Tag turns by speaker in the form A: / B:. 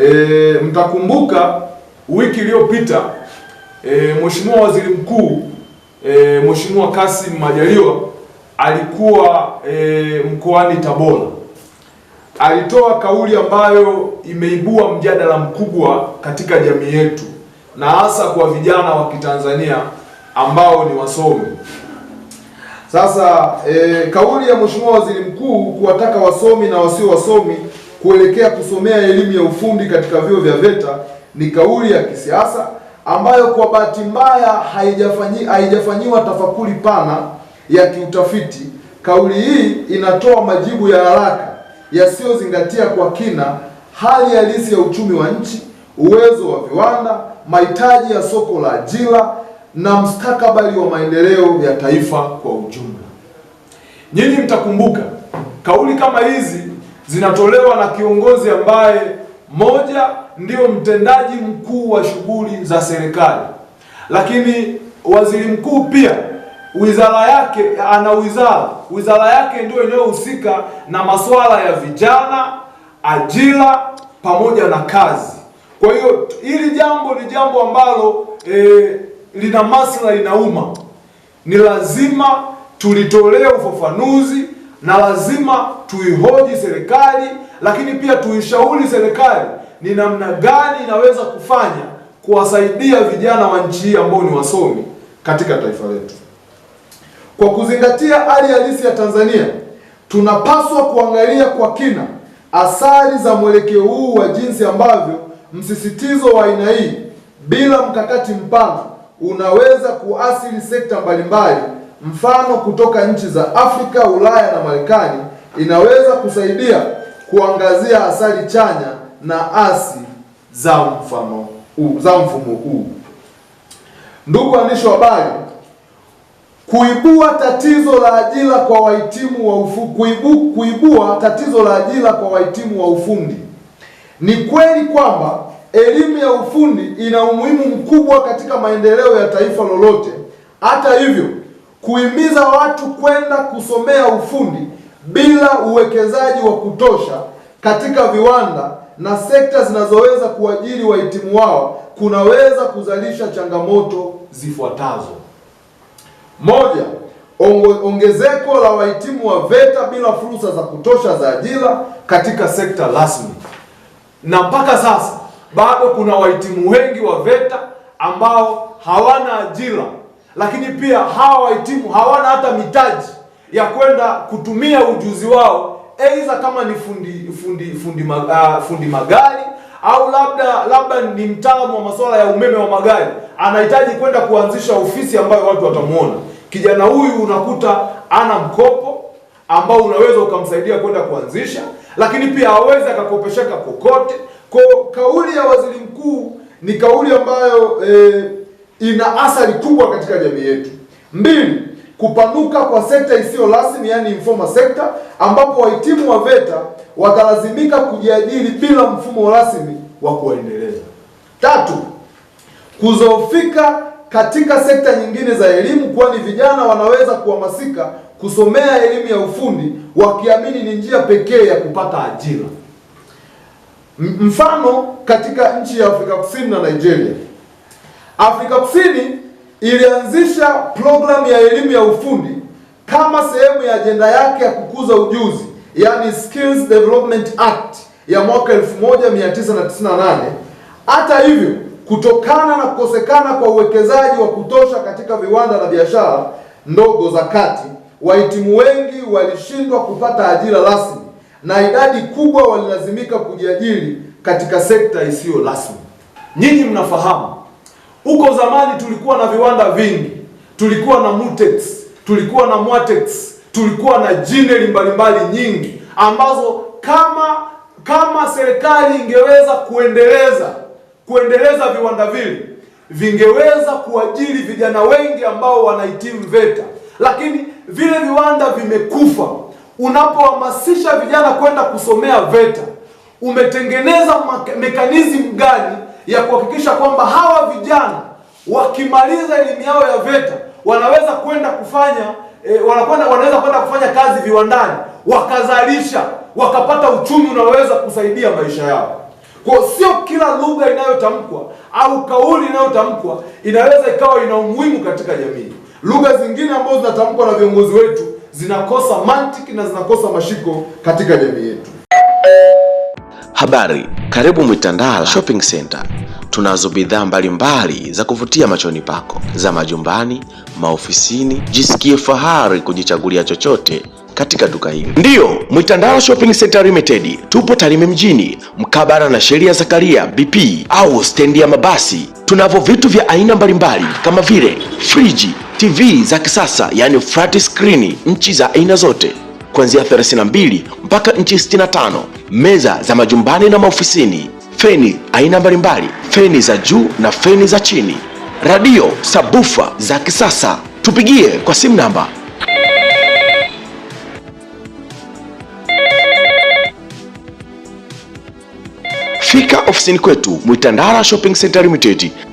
A: E, mtakumbuka wiki iliyopita e, Mheshimiwa Waziri Mkuu e, Mheshimiwa Kassim Majaliwa alikuwa e, mkoani Tabora. Alitoa kauli ambayo imeibua mjadala mkubwa katika jamii yetu na hasa kwa vijana wa Kitanzania ambao ni wasomi. Sasa e, kauli ya Mheshimiwa Waziri Mkuu kuwataka wasomi na wasio wasomi kuelekea kusomea elimu ya ufundi katika vyuo vya VETA ni kauli ya kisiasa ambayo kwa bahati mbaya haijafanyi, haijafanyiwa tafakuri pana ya kiutafiti. Kauli hii inatoa majibu ya haraka yasiyozingatia kwa kina hali halisi ya uchumi wa nchi, uwezo wa viwanda, mahitaji ya soko la ajira na mstakabali wa maendeleo ya taifa kwa ujumla. Nyinyi mtakumbuka kauli kama hizi zinatolewa na kiongozi ambaye moja ndio mtendaji mkuu wa shughuli za serikali, lakini waziri mkuu pia wizara yake ana wizara wizara yake ndio inayohusika na masuala ya vijana, ajira pamoja na kazi. Kwa hiyo hili jambo ni jambo ambalo e, lina maslahi na umma, ni lazima tulitolee ufafanuzi na lazima tuihoji serikali, lakini pia tuishauri serikali ni namna gani inaweza kufanya kuwasaidia vijana wa nchi hii ambao ni wasomi katika taifa letu. Kwa kuzingatia hali halisi ya Tanzania, tunapaswa kuangalia kwa kina athari za mwelekeo huu wa jinsi ambavyo msisitizo wa aina hii bila mkakati mpana unaweza kuathiri sekta mbalimbali mfano kutoka nchi za Afrika, Ulaya na Marekani inaweza kusaidia kuangazia athari chanya na asi za mfano huu, za mfumo huu. Ndugu waandishi wa habari, kuibua tatizo la ajira kwa wahitimu wa ufu, kuibu, kuibua tatizo la ajira kwa wahitimu wa ufundi. Ni kweli kwamba elimu ya ufundi ina umuhimu mkubwa katika maendeleo ya taifa lolote. Hata hivyo kuhimiza watu kwenda kusomea ufundi bila uwekezaji wa kutosha katika viwanda na sekta zinazoweza kuajiri wahitimu wao kunaweza kuzalisha changamoto zifuatazo: moja, ongezeko la wahitimu wa VETA bila fursa za kutosha za ajira katika sekta rasmi. Na mpaka sasa bado kuna wahitimu wengi wa VETA ambao hawana ajira lakini pia hawa wahitimu hawana hata mitaji ya kwenda kutumia ujuzi wao, aidha kama ni fundi fundi fundi, mag, uh, ah, fundi magari au labda labda ni mtaalamu wa masuala ya umeme wa magari, anahitaji kwenda kuanzisha ofisi ambayo watu watamuona. Kijana huyu unakuta ana mkopo ambao unaweza ukamsaidia kwenda kuanzisha, lakini pia hawezi akakopesheka kokote. Kwa kauli ya waziri mkuu ni kauli ambayo eh, ina athari kubwa katika jamii yetu. Mbili, kupanuka kwa sekta isiyo rasmi, yani informal sector, ambapo wahitimu wa VETA watalazimika kujiajiri bila mfumo rasmi wa kuendeleza. Tatu, kuzofika katika sekta nyingine za elimu, kwani vijana wanaweza kuhamasika kusomea elimu ya ufundi wakiamini ni njia pekee ya kupata ajira. Mfano, katika nchi ya Afrika Kusini na Nigeria Afrika Kusini ilianzisha programu ya elimu ya ufundi kama sehemu ya ajenda yake ya kukuza ujuzi, yani Skills Development Act ya mwaka 1998. Hata hivyo, kutokana na kukosekana kwa uwekezaji wa kutosha katika viwanda na biashara ndogo za kati, wahitimu wengi walishindwa kupata ajira rasmi na idadi kubwa walilazimika kujiajiri katika sekta isiyo rasmi. Nyinyi mnafahamu huko zamani tulikuwa na viwanda vingi, tulikuwa na Mutex, tulikuwa na Mwatex, tulikuwa na jineli mbalimbali nyingi ambazo kama kama serikali ingeweza kuendeleza kuendeleza viwanda vile vingeweza kuajiri vijana wengi ambao wanahitimu VETA, lakini vile viwanda vimekufa. Unapohamasisha vijana kwenda kusomea VETA, umetengeneza mekanizmu gani ya kuhakikisha kwamba hawa vijana wakimaliza elimu yao ya VETA wanaweza kwenda kufanya e, wanakwenda wanaweza kwenda kufanya kazi viwandani, wakazalisha, wakapata uchumi unaweza kusaidia maisha yao. Kwa sio kila lugha inayotamkwa au kauli inayotamkwa inaweza ikawa ina umuhimu katika jamii. Lugha zingine ambazo zinatamkwa na viongozi wetu zinakosa mantiki na zinakosa mashiko katika jamii yetu. Habari, karibu Mwitandala Shopping Center. Tunazo bidhaa mbalimbali za kuvutia machoni pako za majumbani, maofisini. Jisikie fahari kujichagulia chochote katika duka hili. Ndiyo, Mwitandala Shopping Center Limited, tupo Tarime mjini mkabara na sheria Zakaria BP au stendi ya mabasi. tunavo vitu vya aina mbalimbali kama vile friji, TV za kisasa yani flat screen, nchi za aina zote kuanzia 32 mpaka nchi 65 meza za majumbani na maofisini, feni aina mbalimbali, feni za juu na feni za chini, radio, sabufa za kisasa. Tupigie kwa simu namba Fika ofisini kwetu Mwitandara Shopping Center Limited.